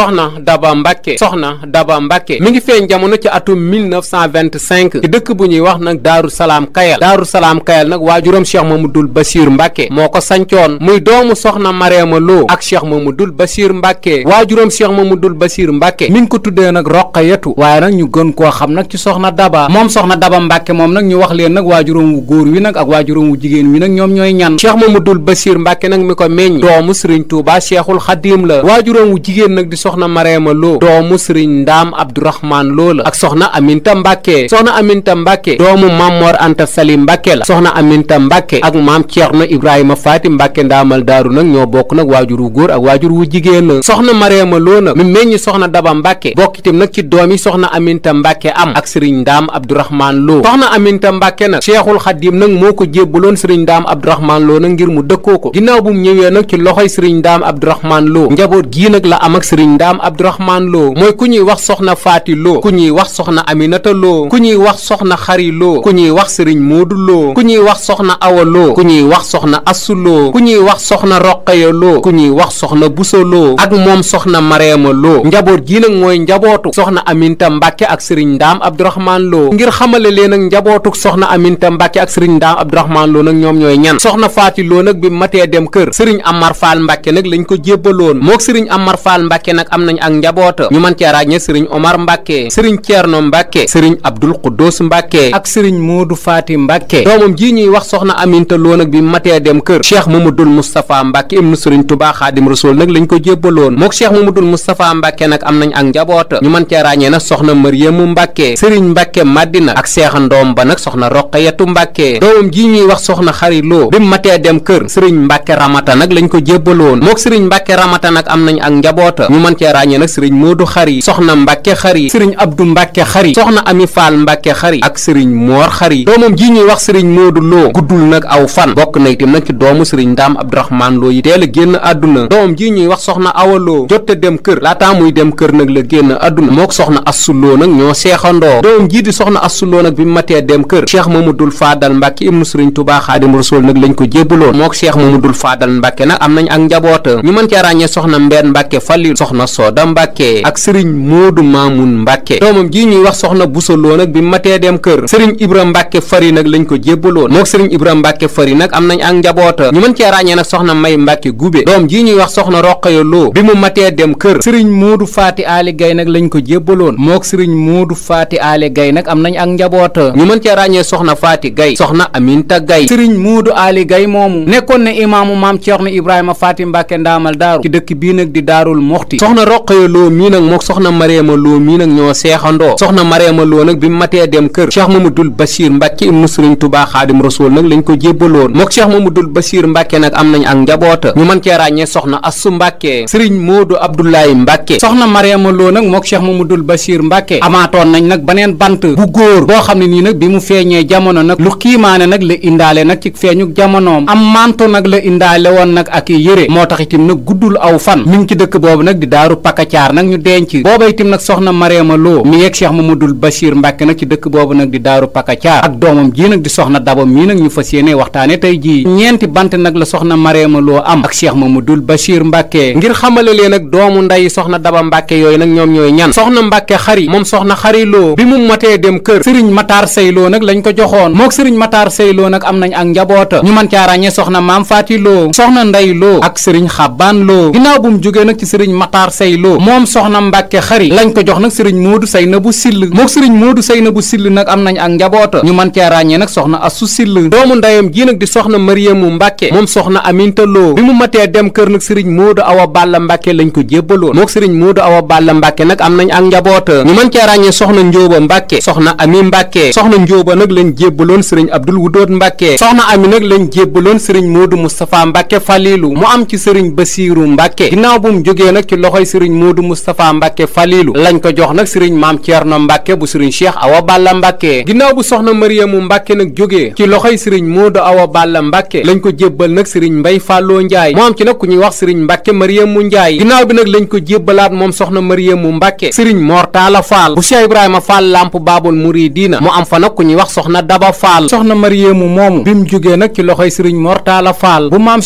soxna Daba Mbacke soxna Daba Mbacke mi ngi feeñ jamono ci atum 1925 ci dëkk bu ñuy wax nag Daaru Salaam Kayal Daaru Salaam Kayal nag waajuram Cheikh Mamadou Bassir Mbacke moo ko sancoon muy doomu soxna Mariama Lo ak Cheikh Mamadou Bassir Mbacke waajuram Cheikh Mamadou Bassir Mbacke mi ngi ko tuddee nag Roqayatu waaye nag ñu gën koo xam nag ci soxna Daba moom soxna Daba Mbacke moom nag ñu wax leen nag waajuram wu góor wi nag ak waajuram wu jigéen wi nag ñoom ñooy ñan Cheikh dul Bassir Mbacke nag mi ko meññ doomu Serigne Touba Cheikhul Khadim la waajuram wu soxna Marema Lo doomu Serigne Ndaam Abdourahmane Lo la ak soxna Aminta Mbacke soxna Aminta Mbacke doomu Mamor Anta Sali Mbacke la soxna Aminta Mbacke ak maam Thierno Ibrahima Faati Mbacke ndaamal daaru nag ñoo bokk nag waajur wu góor ak waajur wu jigéen soxna Marema Lo nag mi meññ soxna Daba Mbacke bokk itam nag ci doom yi soxna Aminta Mbacke am ak Serigne Ndaam Abdourahmane Lo soxna Aminta Mbacke nag Cheikhul Khadim nag moo ko jébbaloon Serigne Ndaam Abdourahmane Lo nag ngir mu dëkkoo ko ginnaaw bu mu ñëwee nag ci loxoy Serigne Ndaam Abdourahmane Lo njaboot gii nag la am ak Serigne ndaam abdourahmaan loo mooy ku ñuy wax soxna faati loo ku ñuy wax soxna aminata loo ku ñuy wax soxna xari loo ku ñuy wax sëriñ moodu loo ku ñuy wax soxna awa loo ku ñuy wax soxna assu loo ku ñuy wax soxna roqaya loo ku ñuy wax soxna buso loo ak moom soxna mareema loo njaboot gi nag mooy njabootu soxna aminta mbàkke ak sëriñ ndaam abdourahmaan ngir xamale leen ak njabootuk soxna aminta mbàkke ak sëriñ ndaam abdourahmaan loo nag ñoom ñooy ñan soxna faati loo nag bi matee dem kër sëriñ amar faal mbàkke nag lañ ko jébbaloon mook sëriñ amar nag am nañu ak njaboota ñu mën cee ràññee sëriñ Omar Mbàkke sëriñ Ceerno Mbàkke sëriñ Abdul Quddus Mbàkke ak sëriñ Moodu Faati Mbàkke doomam ji ñuy wax soxna Aminta Lo nag bi matee dem kër Cheikh Mamadul Moustapha Mbàkke ibnu sëriñ Tuubaa Xaadim Rasuul nag lañ ko jébbaloon mook Cheikh Mamadul Moustapha Mbàkke nag am nañ ak njaboota ñu mën cee ràññee nag soxna Mariyamu Mbàkke sëriñ Mbàkke Madina ak seex ndoom ba nag soxna Roqayatu Mbàkke doomam ji ñuy wax soxna Xari Lo matee dem kër sëriñ Mbàkke Ramata nag lañ ko jébbaloon mook sëriñ Mbàkke Ramata nag am nañ ak njaboota mën cee ràññee nag sëriñ Modou Khary soxna Mbacke Khary sëriñ Abdou Mbacke Khary soxna Ami Fall Mbacke Khary ak sëriñ Mor Khary doomam ji ñuy wax sëriñ Modou guddul nag aw fan bokk na itam nag ci doomu sëriñ Ndaam Abdourahmane Lo yi teel a génn àdduna doomam ji ñuy wax soxna Awa Lo jotte dem kër laataa muy dem kër nag la génn àdduna mook soxna Astou Lo nag ñoo seexandoo doomam ji di soxna Astou Lo nag bi ma matee dem kër Cheikh Mamadou Fadal Mbacke ibnu sëriñ Touba Xaadim Rasul nag lañ ko jébbaloon mook Cheikh Mamadou Fadal Mbacke nag am soxna Sooda Mbàkke ak sëriñ Moodu Maamun Mbàkke doomam jii ñuy wax soxna Buso Lo nag bi matee dem kër sëriñ Ibra Mbàkke Fari nag lañ ko jébbaloon mook sëriñ Ibra Mbàkke Fari nag am nañ ak njaboota ñu mën cee ràññee nag soxna May Mbàkke Gube doom jii ñuy wax soxna Roqaya Lo bi mu matee dem kër sëriñ Moodu Faati Aali Gay nag lañ ko jébbaloon mook sëriñ Moodu Faati Aali Gay nag am nañ ak njaboota ñu mën cee ràññee soxna Faati Gay soxna Aminta Gay sëriñ Moodu Aali Gay moomu nekkoon na imaamu maam Ceerno Ibrahima Faati Mbàkke ndaamal daaru ci dëkk bii nag di daarul moxti soxna Roqaya Lo mii nag mook soxna Mariama Lo mii nag ñoo seexandoo soxna Mariama Lo nag bi mu matee dem kër Cheikh Mamadul Bachir Mbàkke ibnu Sëriñ Tuubaa Xaadim Rasuul nag lañ ko jébbaloon mook Cheikh Mamadul Bachir Mbàkke nag am nañ ak njaboota ñu mën cee ràññee soxna Assu Mbàkke Sëriñ Moodu Abdoulaye Mbàkke soxna Mariama Lo nag mook Cheikh Mamadul Bachir Mbàkke amaatoon nañ nag baneen bant bu góor boo xam ne nii nag bi mu feeñee jamono nag lu xiimaane nag la indaale nag ci feeñu jamonoom am manto nag la indaale woon nag ak yére moo tax itam nag guddul aw fan mi ngi ci dëkk boobu nag daaru pakacaar nag ñu denc booba itam nag soxna Mariama Lo mi yeeg Cheikh Mamadul Bachir Mbàkke nag ci dëkk boobu nag di daaru pakacaar ak doomam jii nag di soxna Daba mii nag ñu fas yéene waxtaane tey jii ñeenti bant nag la soxna Mariama Lo am ak Cheikh Mamadul Bachir Mbàkke ngir xamale leen nag doomu nday soxna Daba Mbàkke yooyu nag ñoom ñooy ñan soxna Mbàkke xari moom soxna xari Lo bi mu matee dem kër sëriñ Mataar Seyloo nag lañ ko joxoon am nañ ak njaboota ñu mën caa ràññee soxna Maam Faati Lo soxna Nday Lo Lo ginnaaw bu mu jógee Omar Saylo moom soxna Mbàkke xari lañ ko jox nag sëriñ Moodu Saynabu Sill mook sëriñ Moodu Saynabu Sill nag am nañ ak njaboota ñu mën cee ràññee nag soxna Assu Sill doomu ndeyam ji nag di soxna Mariyamu Lo bi mu matee dem kër nag sëriñ Moodu Awa Balla Mbàkke lañ ko jébbaloon mook sëriñ Moodu Awa Balla Mbàkke nag am nañ ak njaboota ñu mën cee ràññee soxna Njóoba Mbàkke soxna Ami Mbàkke soxna Njóoba nag lañ jébbaloon sëriñ Abdul Wudoot Mbàkke soxna Ami nag lañ jébbaloon sëriñ Moodu Mustafa Mbàkke Falilu mu am ci sëriñ Basiiru Mbàkke ginnaaw bu mu jógee ci loxo loxoy sëriñ Modou Moustapha Mbacke Falilou lañ ko jox nag sëriñ maam Thierno Mbacke bu sëriñ Cheikh Awa Balla Mbacke ginnaaw bu soxna Mariamu Mbacke nag jógee ci loxoy sëriñ Modou Awa Balla Mbacke lañ ko jébbal nag sëriñ Mbay Fallou Ndiaye moom ci nag ku ñuy wax sëriñ Mbacke Mariamu Ndiaye ginnaaw bi nag lañ ko jébbalaat moom soxna Mariamu Mbacke sëriñ Mor Talla Fall bu Cheikh Ibrahima Fall Lamp Baabul Muridiina mu am fa nag ku ñuy wax soxna Daba Fall soxna Mariamu moomu bi mu jógee nag ci loxoy sëriñ Mor Talla Fall bu maam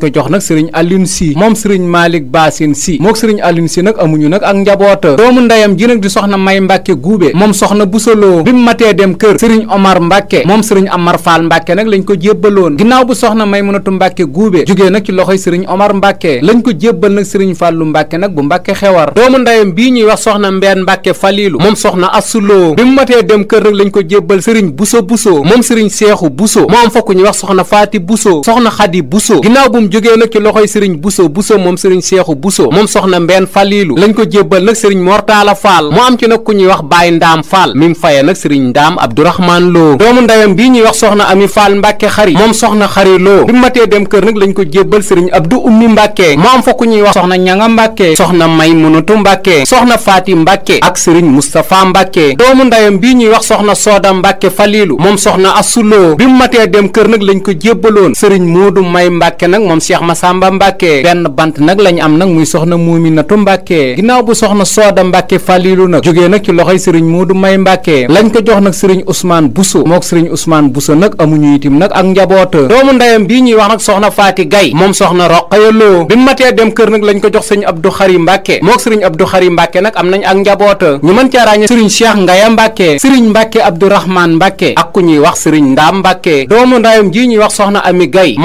ko jox nag sëriñ Alioune moom sëriñ Malick Bassine Sy mook sëriñ Alioune Sy nag amuñu nag ak njaboota doomu ndeyam ji nag di soxna May Mbàkke Guube moom soxna Busaloo bi mu matee dem kër sëriñ Omar Mbàkke moom sëriñ Amar Fall Mbàkke nag lañ ko jébbaloon ginnaaw bu soxna May Munatu Mbàkke Guube jógee nag ci loxoy sëriñ Omar Mbàkke lañ ko jébbal nag sëriñ Fàllu Mbàkke nag bu Mbàkke xewar doomu ndeyam bii ñuy wax soxna Mbeen Mbàkke Falilu moom soxna Assuloo bi mu matee dem kër nag lañ ko jébbal sëriñ Buso Buso moom sëriñ Seexu Buso moo am fokk ñuy wax soxna Faati Buso soxna Xadi Buso ginnaaw bu mu jógee nag ci loxoy sëriñ Buso Bousso Bousso moom sëriñ Seexu Bousso moom soxna Mbeen Faliilu lañ ko jébbal nag sëriñ Mortaala Faal mu am ci nag ku ñuy wax Baay Ndaam Faal mi mu faye nag sëriñ Ndaam Abdourahmaan Lo doomu ndeyam bii ñuy wax soxna Ami Faal Mbàkke Xari moom soxna Xari Lo bi matee dem kër nag lañ ko jébbal sëriñ Abdu Ummi Mbàkke mu am fa ku ñuy wax soxna Ñanga Mbàkke soxna May Munatu Mbàkke soxna Faati Mbàkke ak sëriñ Mustapha Mbàkke doomu ndeyam bii ñuy wax soxna Sooda Mbàkke Faliilu moom soxna Asuloo bi mu matee dem kër nag lañ ko jébbaloon sëriñ benn bant nag lañ am nag muy soxna Muuminatu Mbàkke ginnaaw bu soxna Sooda Mbàkke Fàlilu nag jógee nag ci loxoy sëriñ Moodu May Mbàkke lañ ko jox nag sëriñ Ousmane Bousso mook sëriñ Ousmane Bousso nag amuñu itim nag ak njaboot doomu ndeyam bii ñuy wax nag soxna Faati Gay moom soxna Roqaya Lo bi mu matee dem kër nag lañ ko jox sëriñ Abdou Xari Mbàkke mook sëriñ Abdou Xari Mbàkke nag am nañ ak njaboot ñu man caa ràññe sëriñ Cheikh Ngaya Mbàkke sëriñ Mbàkke ak ku ñuy wax sëriñ Ndaam Mbàkke ñuy wax soxna Ami Gay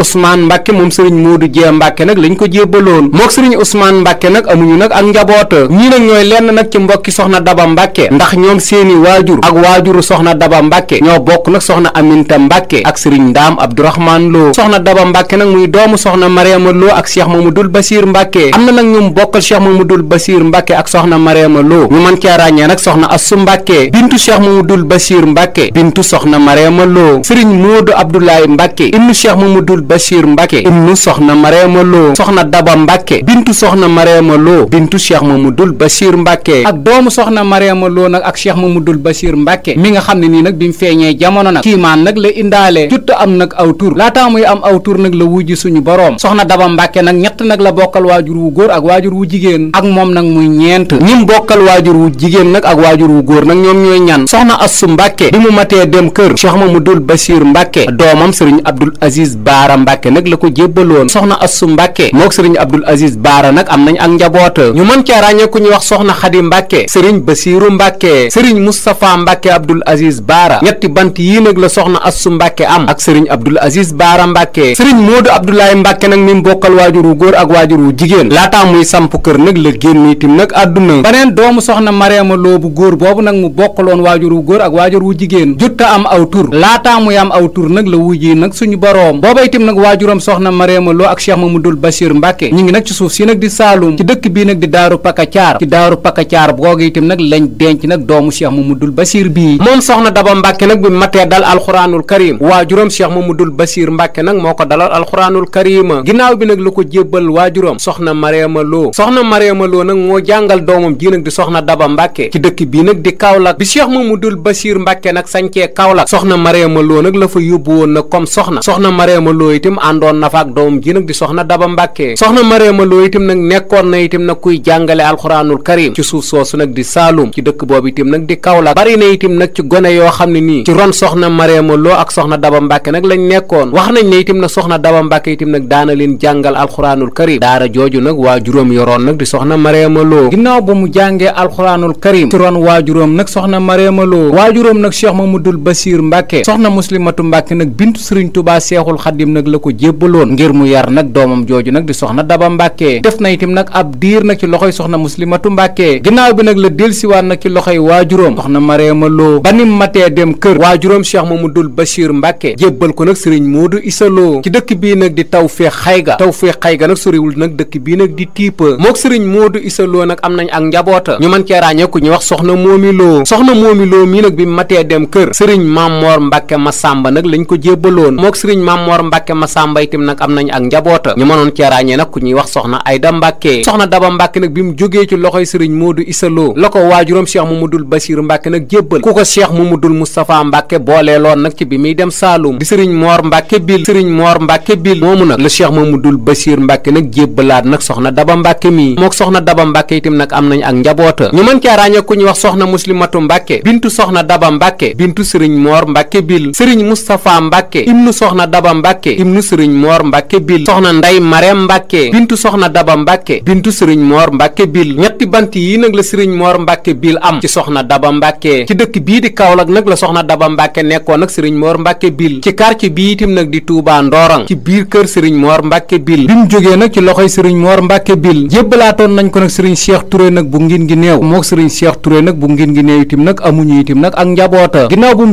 Ousmane Mbacke moom sëriñ Modou Jee Mbacke nag lañ ko jébbaloon mook sëriñ Ousmane Mbacke nag amuñu nag ak njaboot ñii nag ñooy lenn nag ci mbokki soxna Daba Mbacke ndax ñoom seeni waajur ak waajuru soxna Daba Mbacke ñoo bokk nag soxna Aminta Mbacke ak sëriñ Ndaam Abdourahmane Lo soxna Daba Mbacke nag muy doomu soxna Mariama Lo ak Cheikh dul Bassir Mbacke am na nag ñum bokkal Cheikh dul Bassir Mbacke ak soxna Mariama Lo ñu man cee ràññee nag soxna Assu Mbacke bintu Cheikh Mamadou Bassir Mbacke bintu soxna Mariama Lo sëriñ Modou Abdoulaye Mbacke ibnu Cheikh Mamadou Bachir Mbacke ibnu soxna Marema Lo soxna Daba Mbacke bintu soxna Marema Lo bintu Cheikh Mamadou Bachir Mbacke ak doomu soxna Marema Lo nag ak Cheikh Mamadou Bachir Mbacke mi nga xam ne nii nag bi mu feeñee jamono nag kiimaan nag la indaale am nag aw laataa muy am aw tur nag la wujji suñu boroom soxna Daba Mbacke nag ñett nag la bokkal waajur wu góor ak waajur wu jigéen ak moom nag muy ñeent ñim bokkal waajur wu jigéen nag ak waajur wu góor nag ñoom ñooy ñan soxna Assu Mbacke bi mu matee dem kër ma mu Mamadou Bachir Mbacke doomam sëriñ Abdul Aziz Baara Mbàkke nag la ko jébbaloon soxna Assu Mbàkke mook sëriñ Abdul Aziz Baara nag am nañ ak njaboot ñu mën cee ràññee ku ñuy wax soxna Xadi Mbàkke sëriñ Basiiru Mbàkke sëriñ Moustapha Mbàkke Abdul Aziz Baara ñetti bant yii nag la soxna Assu Mbàkke am ak sëriñ Abdul Aziz Baara Mbàkke sëriñ Moodu Abdoulaye Mbàkke nag mi bokkal waajur wu góor ak waajur wu jigéen laataa muy samp kër nag la génn itam nag àdduna baneen doomu soxna Mariama Lo bu góor boobu nag góor ak waajur wu jigéen jutta am aw tur laataa muy am aw la wujji nag waajuram soxna Mariama Lo ak Cheikh Mamadou Bachir Mbacke ñu ngi nag ci suuf si nag di Saalum ci dëkk bii nag di Daaru Pakacaar ci Daaru Pakacaar googu itam nag lañ denc nag doomu Cheikh Mamadou Bachir bii moom soxna Daba Mbacke nag bi matee dal alxuraanul karim waajuram Cheikh Mamadou Bachir Mbacke nag moo ko dalal alxuraanul karima ginnaaw bi nag lu ko jébbal waajuram soxna Mariama Lo soxna Mariama Lo nag moo jàngal doomam ji nag di soxna Daba Mbacke ci dëkk bii nag di Kaolack bi Cheikh Mamadou Bachir Mbacke nag sañcee Kaolack soxna Mariama Lo nag la fa yóbbu woon nag comme soxna soxna Mariama Lo itam na fa ak doomam ji nag di soxna Daba Mbàkke soxna Mariama Lo itam nag nekkoon na itam nag kuy jàngale alxuraanul karim ci suuf soosu nag di Saalum ci dëkk boobu itam nag di Kaolack bari na itam nag ci gone yoo xam ne nii ci ron soxna Mariama Lo ak soxna Daba Mbàkke nag lañ nekkoon wax nañ ne itam na soxna Daba Mbàkke itam nag daana leen jàngal alxuraanul karim daara jooju nag waajuróom yoroon nag di soxna Mariama Lo ginnaaw ba mu jàngee alxuraanul karim ci ron waajuróom nag soxna Mariama Lo waajuróom nag Cheikh Mamadul Basir Mbàkke soxna Muslimatu Mbàkke nag bintu Sëriñ Tubaa Seexul Xadim nag la ko jébbaloon ngir mu yar nag doomam jooju nag di soxna daba mbàkke def na itam nag ab diir nag ci loxoy soxna muslimatu mbàkke ginnaaw bi nag la delsiwaat nag ci loxoy waajuróom soxna mareema loo ba nim matee dem kër waajuróom cheikh mamadul bachir mbàkke jébbal ko nag sëriñ moodu isaloo ci dëkk bii nag di taw fee xayga taw fee xayga nag soriwul nag dëkk bii nag di tiipa mook sëriñ moodu isaloo nag am nañ ak njaboota ñu mën cee ràññee ñuy wax soxna moomi loo soxna moomi loo mii nag bi matee dem kër sëriñ mammoor mbàkke masàmba nag lañ ko jébbaloon mook sëriñ mammoor mbàkke mbàkke masàmba itam nag am nañu ak njaboota ñu mënoon cee ràññee nag ku ñuy wax soxna ayda mbàkke soxna daba mbàkke nag bi mu jógee ci loxoy sëriñ moodu isaloo la ko waajuram cheikh mamadul basir mbàkke nag jébbal ku ko cheikh mamadul moustapha mbàkke boolee loon nag ci bi muy dem saalum di sëriñ moor mbàkke bil la cheikh mamadul basir mbàkke nag jébbalaat nag soxna daba mbàkke mii mook soxna daba mbàkke itam nag am nañu ak njaboota ñu mën cee ràññee ku ñuy wax soxna muslimatu mbàkke bintu soxna daba mbàkke bintu sëriñ moor mbàkke bil sëriñ moustapha mbàkke ibnu soxna daba mbàkke ibnu sëriñ moor mbàkke bil soxna nday mareem mbàkke bintu soxna daba mbàkke bintu sëriñ moor mbàkke bil ñetti bant yi nag la sëriñ moor mbàkke bil am ci soxna daba mbàkke ci dëkk bii di kaolack nag la soxna daba mbàkke nekkoon ak sëriñ moor mbàkke bil ci quartier bi itam nag di tuubaa ndoorang ci biir kër sëriñ moor mbàkke bil bi mu jógee nag ci loxoy sëriñ moor mbàkke bil jébbalaatoon nañ ko nag sëriñ cheikh turé nag bu ngin gi néew mook sëriñ cheikh turé nag bu ngin gi néew itam nag amuñu itam nag ak njaboota ginnaaw bu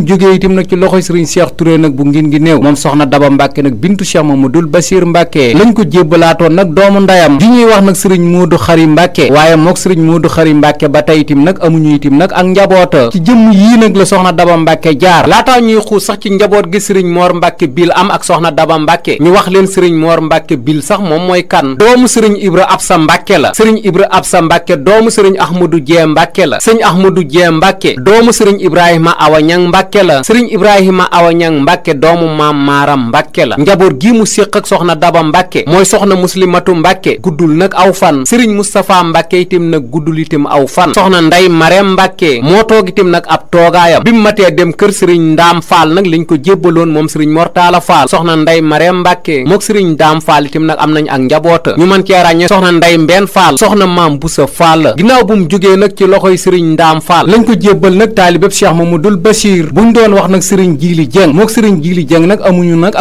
mu bintu Cheikh dul Bachir Mbacke lañ ko jébbalaatoon nag doomu ndayam di ñuy wax nag sëriñ Modou xari Mbacke waaye mook sëriñ Modou Khary Mbacke ba tey itam nag amuñu itim nag ak njaboota ci jëmm yii nag la soxna Daba Mbacke jaar laataa ñuy xuus sax ci njaboot gi sëriñ moor Mbacke Bil am ak soxna Daba Mbacke ñu wax leen sëriñ moor Mbacke Bil sax moom mooy kan doomu sëriñ Ibra sa Mbacke la sëriñ Ibra sa Mbacke doomu sëriñ Ahmadou Jee Mbacke la sëriñ Ahmadou Jee Mbacke doomu sëriñ Ibrahima Awa Ñang Mbacke la sëriñ Ibrahima Awa Ñang Mbacke doomu maam Maaram Mbacke la njaboot gi mu séq ak soxna daba mbàkke mooy soxna muslimatu mbàkke guddul nag aw fan sëriñ mustapha mbàkke itam nag guddul itam aw fan soxna nday mareem mbàkke moo toog itam nag ab toogaayam bi mu matee dem kër sëriñ ndaam faal nag liñ ko jébbaloon moom sëriñ mortaala faal soxna nday mareem mbàkke moo sëriñ ndaam faal itam nag am nañ ak njaboota ñu mën cee ràññee soxna nday mbenn faal soxna maam bu sa faal la ginnaaw bu mu jógee nag ci loxoy sëriñ ndaam faal lañ ko jébbal nag taalibeb cheikh mamadul bachir buñ doon wax nag sëriñ jiili jëng mook sëriñ jiili jëng nag amuñu nag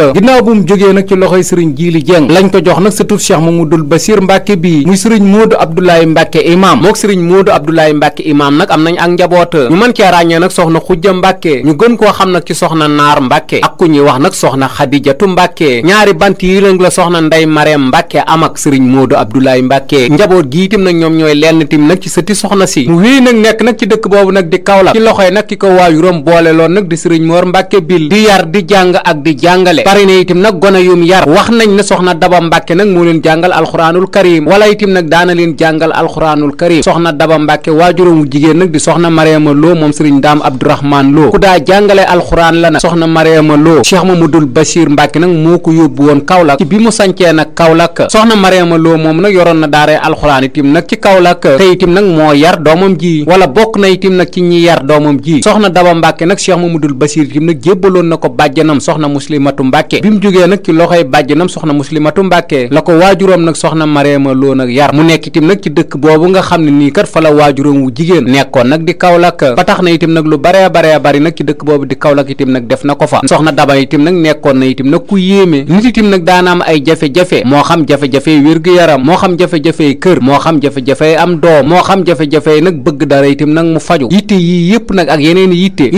Mbacke ginnaaw bu mu jógee nag ci loxoy sëriñ Jili Jeng lañ ko jox nag sëtub Cheikh Mamadul Basir Mbacke bii muy sëriñ Modou Abdoulaye Mbacke imam mook sëriñ Modou Abdoulaye Mbacke imam nag am nañ ak njaboot ñu mën cee ràññee nag soxna Xujja Mbacke ñu gën koo xam nag ci soxna Naar Mbacke ak ku ñuy wax nag soxna Xadijatu Mbacke ñaari bant yi nag la soxna Ndey Mareem Mbacke am ak sëriñ Modou Abdoulaye Mbacke njaboot gi itam nag ñoom ñooy lenn tim nag ci sëti soxna si mu wii nag nekk nag ci dëkk boobu nag di Kaolack ci loxoy nag ki ko waayuram boole loon nag di sëriñ Mor Mbacke Bil di yar di jàng ak di jàngale bari na itam nag gone yum yar wax nañ ne soxna daba mbàkke nag moo leen jàngal alxuraanul karim wala itam nag daana leen jàngal alxuraanul karim soxna daba mbàkke waajuróomu jigéen nag di soxna mariama loo moom sëriñ daam abdourahman loo ku daa jàngale alxuraan la nag soxna mariama loo cheikh mamadul bachir mbàkke nag moo ko yóbbu woon kaolack ci bi mu sancee nag kaolack soxna mariama loo moom nag yoroon na daare alxuraan itim nag ci kaolack te itim nag moo yar doomam ji wala bokk na itim nag ci ñi yar doomam ji soxna daba mbàkke nag cheikh mamadul bachir itim nag jébbaloon na ko bàjjanam soxna muslimatu mbàkke Mbàkke bi mu jógee nag ci loxoy bàjjanam soxna muslimatu Mbàkke la ko waajuróom nag soxna Mareema Lo nag yar mu nekk itam nag ci dëkk boobu nga xam ne nii kat fa la waajuróom wu jigéen nekkoon nag di Kaolack ba tax na itam nag lu bare bare bari nag ci dëkk boobu di Kaolack itam nag def na ko fa soxna Daba itam nag nekkoon na itam nag ku yéeme nit itam nag daana am ay jafe-jafe moo xam jafe-jafe wér-gu-yaram moo xam jafe-jafe kër moo xam jafe-jafe am doom moo xam jafe-jafe nag bëgg dara itam nag mu faju yitte yii yépp nag ak yeneen yitte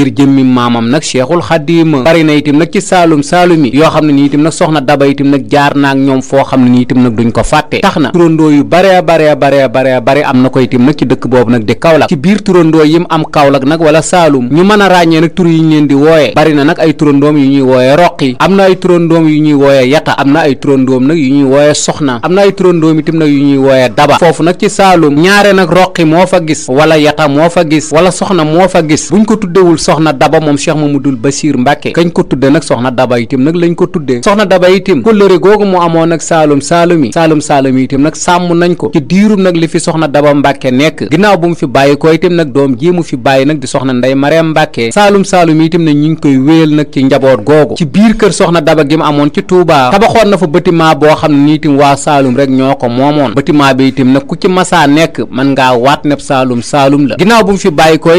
ngir jëmmi maamam nag cheikhul xadim bari na itam nag ci saalum saalum yi yoo xam ne ni itam nag soxna daba itam nag jaar naak ñoom foo xam ne ni itam nag duñ ko fàtte tax na turandoo yu bare bare bare bare bare am na ko itam nag ci dëkk boobu a foofu nag ci saalum ñaare nag roqi moo fa gis wala yata moo fa gis wala soxna moo fa gis buñ ko tuddewul soxna daba moom cheikh mamadul basir mbàkke kañ ko tudde nag soxna daba itam nag lañ ko tuddee soxna daba itam kóllëre googu mu amoon nag saalum saalum yi saalum saalum yi itam nag sàmm nañ ko ci diirum nag li fi soxna daba mbàkke nekk ginnaaw bu mu fi bàyyi ko itam nag doom ji mu fi bàyyi nag di soxna nday mariam mbàkke saalum saalum yi itam nag ñu koy wéyal nag ci njaboot googu ci biir kër soxna daba gi mu amoon ci Touba tabaxoon na fa bâtiment boo xam ne ni itam la ginnaaw bu mu fi bàyyi ko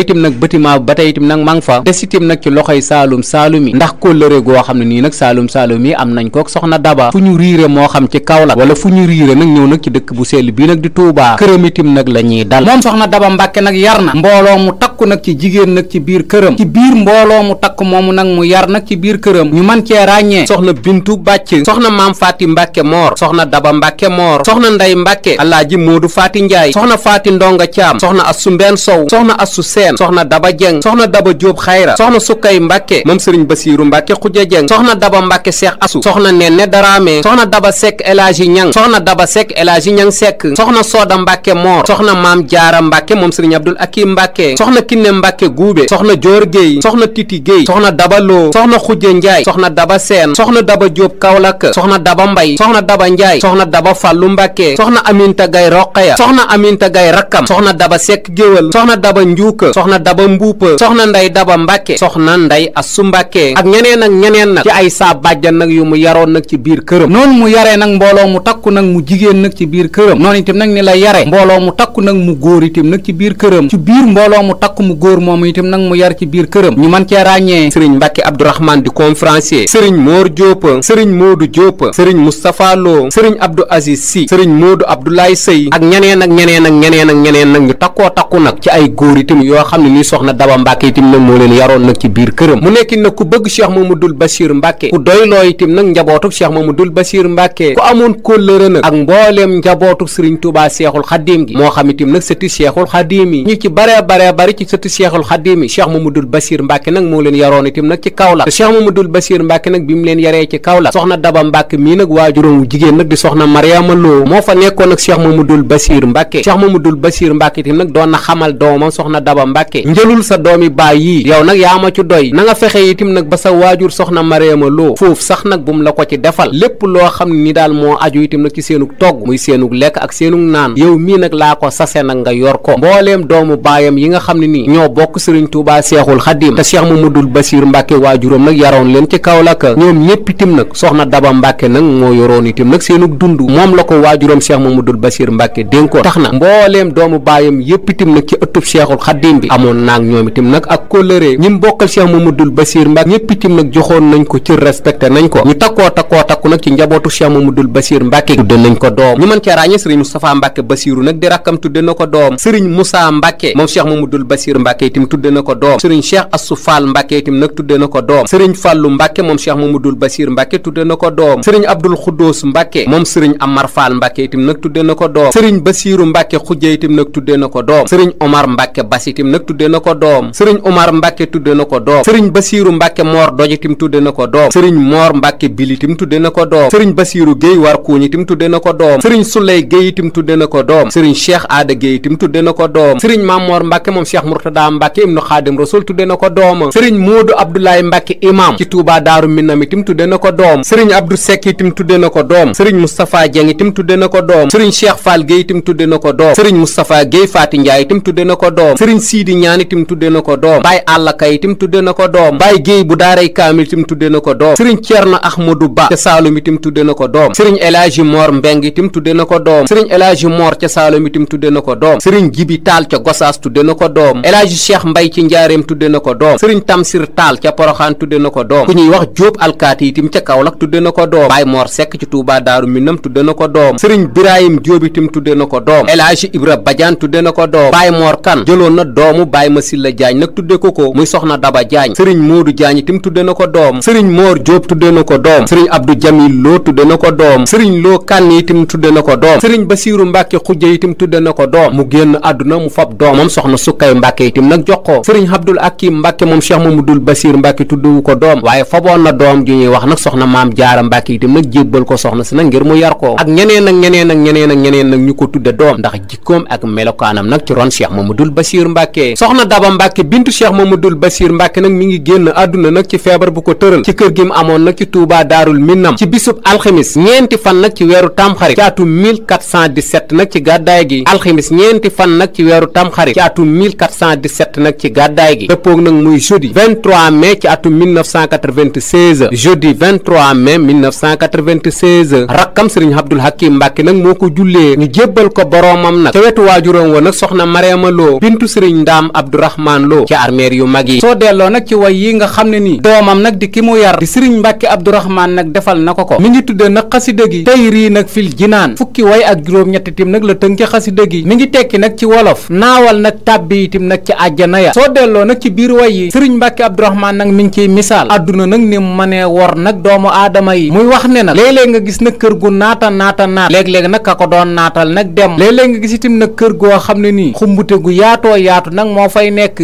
ma nga fa des itam nag ci loxoy saalum saalum yi ndax kóllëre goo xam ne nii nag saalum saalum yi am nañ kook soxna daba fu ñu riire moo xam ci Kaolack wala fu ñu riire nag ñëw nag ci dëkk bu sell bii nag di Touba këram itam moom soxna daba Mbàkke nag yar na mbooloo mu takku nag ci jigéen nag ci biir këram ci biir mbooloo mu takku moomu nag mu yar nag ci biir këram ñu man cee ràññee soxna bintu bàcc soxna maam faati Mbàkke moor soxna daba Mbàkke moor soxna nday Mbàkke alaaji moodu faati Njaay soxna faati ndonga caam soxna assu mbeen sow soxna assu seen soxna daba jeng soxna daba Diop Khayra soxna Sukkay Mbacke moom sëriñ Basiiru Mbacke Xuja Jeng soxna Daba Mbacke Cheikh Assou soxna Nene Daraame soxna Daba Seck El Hadji Ñang soxna Daba Seck El Hadji Ñang Seck soxna Soda Mbacke Moor soxna Maam Jaara Mbacke moom sëriñ Abdul Akim Mbacke soxna Kinne Mbacke Guube soxna Joor Géey soxna Titi Géey soxna Daba Loo soxna Xuja Njaay soxna Daba Seen soxna Daba Diop Kaolack soxna Daba Mbay soxna Daba Njaay soxna Daba Fàllu Mbacke soxna Aminta Gay Roqaya soxna Aminta Gay Rakkam soxna daba mbàkke soxna nday assu mbàkke ak ñeneen ak ñeneen nag nag yu mu yaroon nag ci biir këram noonu mu yaree nag mbooloo mu takku nag mu jigéen nag ci biir këram noonu itam la yare mbooloo mu takku nag mu góor itam nag ci biir këram ci biir mbooloo mu takku mu góor moomu itam nag mu yar ci biir këram ñu mën cee ràññee sëriñ mbàkke abdourahman di conférencier sëriñ moor diop sëriñ moodu diop sëriñ moustapha lo sëriñ abdou aziz sëriñ moodu abdoulaye sëy ak ñeneen ak ñeneen ak ñeneen ak ñeneen nag ñu takkoo takku nag ci ay góor itam yoo xam ne ni soxna daba mbàkke itam moo leen yaroon nag ci biir këram mu nekkin nag ku bëgg cheikh mamadul basir mbàkke ku doy loo itam nag njabootuk cheikh mamadul basir mbàkke ku amoon kóllëre nag ak mbooleem njabootuk sëriñ tubaa seexul xadim gi moo xam itam nag sëti seexul xadim yi ñu ci bare bare bari ci sëti seexul xadim yi cheikh mamadul basir mbàkke nag moo leen yaroon itam nag ci Kaolack te cheikh mamadul basir mu leen yaree mbàkke mii nag waajuram wu jigéen nag di moo fa nekkoon nag cheikh mamadul basir mbàkke cheikh mamadul basir mbàkke itam nag doon na xamal doomam soxna daba mbàkke njëlul sa doomi baay yii yow nag yaa ma ci doy na nga fexe itim nag ba sa waajur soxna Mariama Lo foofu sax nag bum la ko ci defal lépp loo xam ni daal moo aju itim nag ci seenug togg muy seenug lekk ak seenug naan yow mii nag laa ko sase nag nga yor ko mbooleem doomu baayam yi nga xam ne nii ñoo bokk sëriñ Tuubaa Seexul Xadiim te Cheikh Mamadul Basiir Mbàkke waajuram nag yaroon leen ci Kaolack ñoom ñépp itim nag soxna Daba Mbàkke nag moo yoroon itim nag seenug dund moom la ko waajuram Cheikh Mamadul Basiir Mbàkke dénkoon tax na mbooleem doomu baayam yépp itim nag kóllëre ñi mu bokkal Cheikh Mamadou Bassir Mbacke ñëpp itam nag joxoon nañ ko cër respecté nañ ko ñu takkoo takkoo takku nag ci njabootu Cheikh Mamadou ko doom ñu mën cee ràññee Serigne Moustapha Mbacke Bassirou nag di rakkam tudde na ko doom Serigne Moussa Mbacke moom Cheikh Mamadou Bassir na ko doom Serigne Cheikh Assou Fall Mbacke itam nag tudde na ko doom Serigne Fallou Mbacke moom Cheikh Mamadou Bassir Mbacke tudde na ko doom Serigne Abdoul Khoudous Mbacke moom Serigne Amar Fall Mbacke itam nag tudde na ko doom Serigne Bassirou Mbacke Khoudia itam nag tudde na ko doom Serigne Omar Mbacke Bass itam tudde na ko doom Serigne Omar Moor Mbàkke tudde na ko doom sëriñ Basiiru Mbàkke Moor Dojitim tudde na ko doom sëriñ Moor Mbàkke Bilitim tudde na ko doom sëriñ Basiiru Géey Warkuuñitim tudde na ko doom sëriñ Suley Géey itim tudde na ko doom sëriñ Cheikh Aada Géey itim tudde na ko doom sëriñ Mamoor Mbàkke moom Cheikh Murtada Mbàkke ibnu Xaadim Rasul tudde na ko doom sëriñ Moodu Abdoulaye Mbàkke imam ci Tuubaa Daaru Minam itim tudde na ko doom sëriñ Abdu Sekk itim tudde na ko doom sëriñ Moustapha Jeng itim tudde na ko doom sëriñ Cheikh Fall Géey itim tudde na ko doom sëriñ Moustapha Géey Faati Njaay itim tudde na ko doom sëriñ Siidi Ñaan itim tudde na ko doom Baay daaray àll kay tim tudde na ko doom Baye Guèye bu daaray kaamil tim tudde na ko doom sëriñ Thierno Ahmadou na ko doom sëriñ El Hadji Mor Mbeng itim tudde na ko doom ca Saalum tudde na ko doom sëriñ Jibi Taal ca Gosaas tudde na ko doom El Hadji Mbay ci Njaareem tudde na ko doom sëriñ Tamsir Taal ca Poroxaan tudde na ko doom ku ñuy wax Jóob Alkaati itim ca Kaolack tudde na ko doom Baye Mor Seck ci Touba Daaru Minam tudde na ko doom sëriñ Birahim Jóob itim tudde na ko doom El Hadji Ibra Badiane tudde na ko doom Baye ko ko muy soxna Daba Diagne sëriñ Modou Diagne itam tudde na ko doom sëriñ moor Diop tudde na ko doom sëriñ Abdou Jamil Lo tudde na ko doom sëriñ Lo Kànni itam tudde na ko doom sëriñ Basiiru Mbàkke Xujja itam tudde na ko doom mu génn àdduna mu fab doomam soxna Sukkay Mbàkke itam nag jox ko sëriñ Abdul Akim Mbàkke moom mu dul Basiir Mbàkke tuddewu ko doom waaye faboon na doom ju ñuy wax nag soxna Maam Jaara Mbàkke itam nag jébbal ko soxna si nag ngir mu yar ko ak ñeneen ak ñeneen ak ñeneen ak ñeneen nag ñu ko tudde doom ndax jikkoom ak melokaanam nag ci ron Cheikh Mamadul Basiir Mbàkke soxna Daba Cheikh Mamadou Bassir Mbacke nag mi ngi génn àdduna nag ci feebar bu ko tëral ci kër gi mu amoon nag ci Touba Daarul Minnam ci bisub alxemis ñeenti fan nag ci weeru tamxarit ci atum 1417 nag ci gàddaay gi alxemis ñeenti fan nag ci weeru tamxarit ci atum 1417 nag ci gàddaay gi dëppoog nag muy jeudi 23 ci atum 1996 jeudi rakkam sëriñ Abdul Hakim Mbacke nag moo ko jullee ñu jébbal ko boroomam nag ca wetu waajuram wa nag soxna Mariama Lo bintu sëriñ Ndaam Abdourahman maire yu mag yi soo delloo nag ci way yi nga xam ne nii doomam nag di ki mu yar di sëriñ mbàkke abdourahmaan nag defal na ko ko mi ngi tudde nag xasida gi tey rii nag fil jinaan fukki woy ak juróom-ñetti tim nag la tënki xasida gi mu ngi tekki nag ci wolof naawal nag tàbbi itim nag ci àjjana ya soo delloo nag ci biir way yi sëriñ mbàkke abdourahmaan nag mi ngi ciy misaal adduna nag ni ma ne wor nag doomu aadama yi muy wax ne nag léeg nga gis nag kër gu naata naata naat léeg-léeg nag ka ko doon naatal nag dem léeg-léeg nga gis itim nag kër goo xam ne nii xumbute gu yaatoo yaatu nag moo fay nekk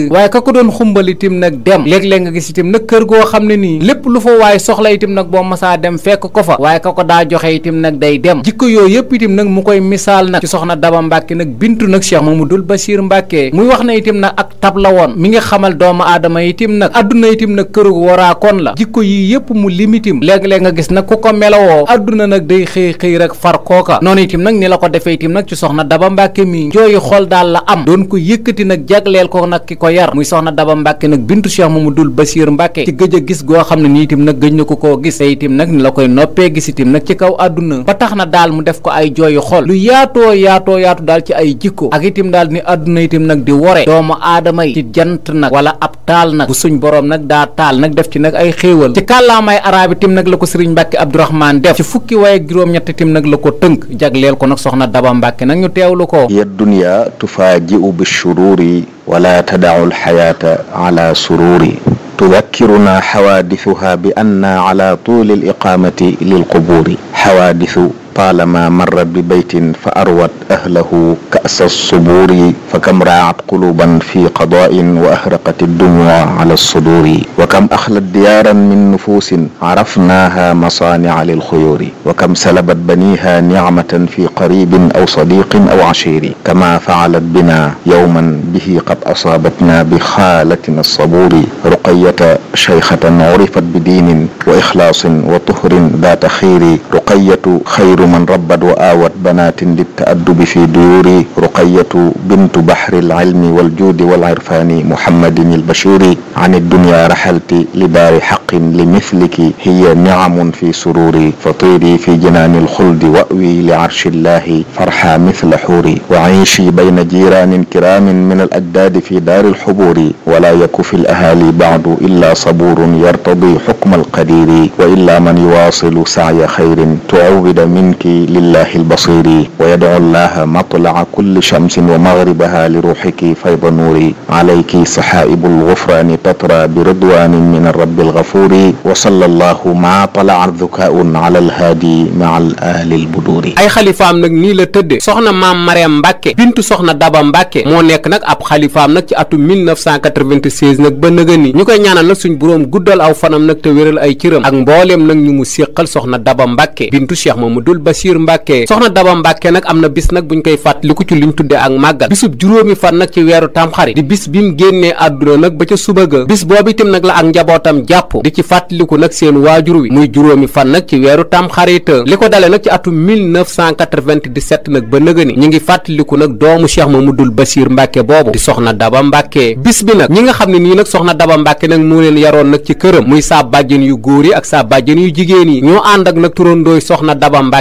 doon xumbal itam nag dem léeg-léeg nga gis itam nag kër goo xam ne nii lépp lu fa waaye soxla itam nag boo masaa dem fekk ko fa waaye ka ko daa joxe itam nag day dem jikko yooyu yëpp itam nag mu koy misaal nag ci soxna Daba Mbàkke nag bintu nag Cheikh Mamadul Basiir Mbàkke muy wax na itam nag ak tab la woon mi ngi xamal doomu aadama itam nag adduna itam nag këru waraakoon la jikko yi yëpp mu limitim léeg-léeg nga gis nag ku ko melawoo adduna nag day xëy xëy rek far kooka noonu itam nag ni la ko defee itam nag ci soxna Daba Mbàkke mi jooyu xol daal la am doon ko yëkkati nag jagleel ko nag ki ko yar Daba Mbàkke nag bintu Cheikh Mamadul Basiir Mbàkke ci gëj gis goo xam ne nii itam nag gëj na ko koo gis te itam nag ni la koy noppee gis itam nag ci kaw àdduna ba tax na daal mu def ko ay jooyu xol lu yaatoo yaatoo yaatu daal ci ay jikko ak itam daal ni àdduna itam nag di wore doomu aadama yi ci jant nag wala ab taal nag bu suñ boroom nag daa taal nag def ci nag ay xéewal ci kàllaamay araab itam nag la ko sëriñ Mbàkke Abdourahmane def ci fukki waaye juróom-ñett nag la ko tënk jagleel ko nag soxna Daba Mbàkke nag ñu teewlu ko ya dunya tufaaji'u bi shuruuri wala tadacu alxayaata ala sururi tudakiruna xawaadifuha bi anna ala tuuli aliqaamati lilqubuuri xawaadifu طالما مر ببيت فأروت أهله كأس الصبور فكم راعت قلوبا في قضاء وأهرقت الدموع على الصدور وكم أخلت ديارا من نفوس عرفناها مصانع للخيور وكم سلبت بنيها نعمة في قريب أو صديق أو عشير كما فعلت بنا يوما به قد أصابتنا بخالتنا الصبور رقية شيخة عرفت بدين وإخلاص وطهر ذات خير رقية خير man rabbat wa aawat banaatin littaaddubi fi duyuri ruqayatu bintu bahri alilmi waljuudi walirfaani muhammadin albashiri an iddunya raxalti li daari xaqin li mithliki hiya nicamun fi sururi fatiiri fi jinaani alxuldi wawi li arshi illahi farxa mithla xuuri wa ciishi bayna jiiraanin kiraamin min alajdaadi fi daari alxubuuri walaa yaku fi alahaali bacdu illa sabuurun yartadi xukma alqadiri wa illa man yuwaasilu sacya xayrin tucawida min النعمة لله البصير ويدعو الله مطلع كل شمس ومغربها لروحك فيض نوري عليك سحائب الغفران تترى برضوان من الرب الغفور وصلى الله ما طلع الذكاء على الهادي مع الأهل البدور ay xalifaam nag nii la tëddee soxna maam Mariam Mbacke bintu soxna Daba Mbacke moo nekk nag ab xalifaam nag ci atum 1996 nag ba nëga ni ñu koy ñaanal nag suñ boroom guddal aw fanam nag te wéral ay cëram ak mbooleem nag ñu mu séqal soxna Daba Mbacke bintu Cheikh Mamadou Bachir Mbacke soxna Daba Mbacke nag am na bis nag buñ koy fàttaliku ci luñ tuddee ak màggal bisub juróomi fan nag ci weeru tamxarit di bis bi mu génnee àdduna nag ba ca suba ga bis boobu itam nag la ak njabootam jàpp di ci fàttaliku nag seen waajur wi muy juróomi fan nag ci weeru tamxarit li ko dale nag ci atum 1997 nag ba nëga ni ñu ngi fàttaliku nag doomu Cheikh Mamadou Bachir Mbacke boobu di soxna Daba Mbacke bis bi nag ñi nga xam ne nii nag soxna Daba Mbacke nag moo leen yaroon nag ci këram muy saa bàjjen yu góor yi ak saa bàjjen yu jigéen yi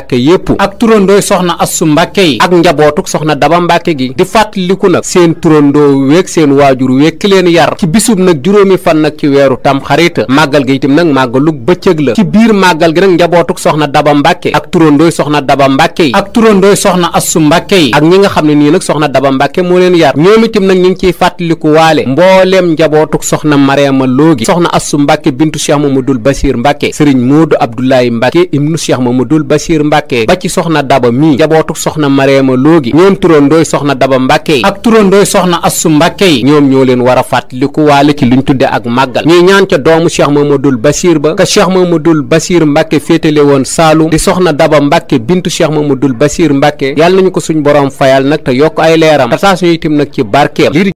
mbàkke yépp ak turandooy soxna assu mbàkke yi ak njabootuk soxna daba mbàkke gi di fàttaliku nag seen turandoo weeg seen waajur weeg ki leen yar ci bisub nag juróomi fan nag ci weeru tam xarit màggal gi itam nag màggalug bëccëg la ci biir màggal gi nag njabootuk soxna daba mbàkke ak turandooy soxna daba mbàkke yi ak turandooy soxna assu mbàkke yi ak ñi nga xam ne nii nag soxna daba mbàkke moo leen yar ñoom itam nag ñu ngi ciy fàttaliku waale mbooleem njabootuk soxna mariama loogi soxna assu mbàkke bintu cheikh mamadul basir mbàkke sëriñ moodu abdoulaye mbàkke ibnu cheikh mamadul basir mbàkke Mbàkke ba ci soxna daba mii jabootuk soxna Mareema loogi ñoom turandooy soxna daba Mbàkke yi ak turandooy soxna assu Mbàkke yi ñoom ñoo leen war a fàttaliku waale ci ñu tudde ak màggal ñuy ñaan ca doomu cheikh mamadul basir ba ka cheikh mamadul basir Mbàkke féetale woon saalum di soxna daba Mbàkke bintu cheikh mamadul basir Mbàkke yàlla nañu ko suñ boroom fayal nag te yokk ay leeram te taas ñu itam nag ci barkeem